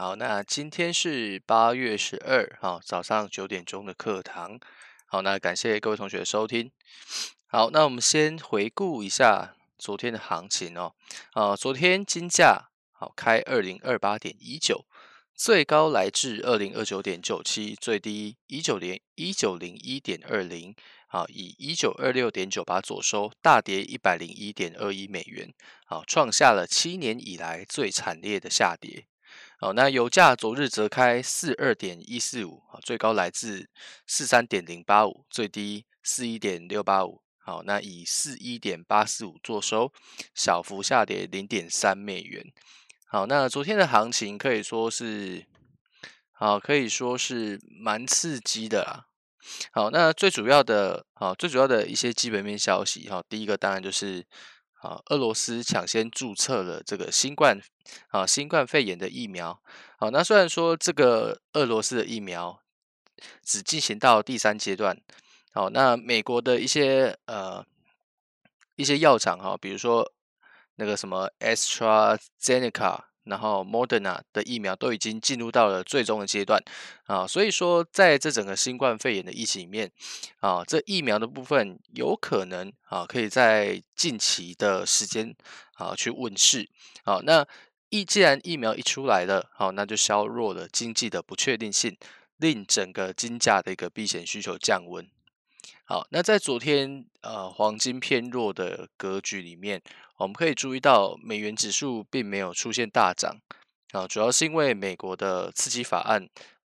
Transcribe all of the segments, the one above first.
好，那今天是八月十二號早上九點鐘的課堂。好，那感謝各位同學的收聽。好，那我們先回顧一下昨天的行情哦。啊，昨天金價好開二零二八點一九，最高來至二零二九點九七，最低一九點一九零一點二零。啊，以一九二六點九八左收，大跌一百零一點二一美元。啊，創下了七年以來最慘烈的下跌。好，那油價昨日則開四二點一四五，最高來自四三點零八五，最低四一點六八五，好，那以四一點八四五作收，小幅下跌零點三美元。好，那昨天的行情可以說是，好，可以說是蠻刺激的啦。好，那最主要的，好，最主要的一些基本面消息，哈，第一個當然就是。啊，俄羅斯搶先注冊了這個新冠，啊，新冠肺炎的疫苗。好，那雖然說這個俄羅斯的疫苗只進行到第三階段，好，那美國的一些呃一些藥廠哈，比如說那個什麼 AstraZeneca。然後 Moderna 的疫苗都已經進入到了最終的階段，啊，所以說在這整個新冠肺炎的疫情裡面，啊，這疫苗的部分有可能啊，可以在近期的時間啊去問世，啊，那既然疫苗一出來了，好，啊，那就削弱了經濟的不確定性，令整個金價的一個避險需求降溫。好，那在昨天，呃，黃金偏弱的格局裡面，我們可以注意到美元指數並沒有出現大漲啊、哦，主要是因為美國的刺激法案，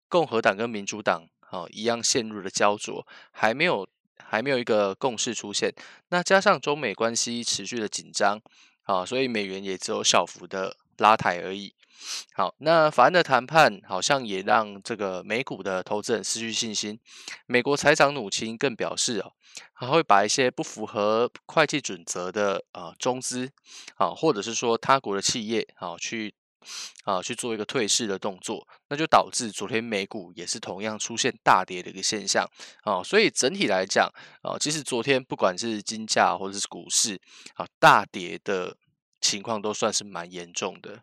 共和黨跟民主黨啊、哦、一樣陷入了膠著，還沒有還沒有一個共識出現，那加上中美關係持續的緊張啊，所以美元也只有小幅的拉抬而已。好，那法案的談判好像也讓這個美股的投資人失去信心。美國財長努欽更表示，哦，會把一些不符合會計準則的啊、呃、中資啊，或者是說他國的企業啊，去啊去做一個退市的動作，那就導致昨天美股也是同樣出現大跌的一個現象啊。所以整體來講，啊，其實昨天不管是金價或者是股市啊，大跌的情況都算是蠻嚴重的。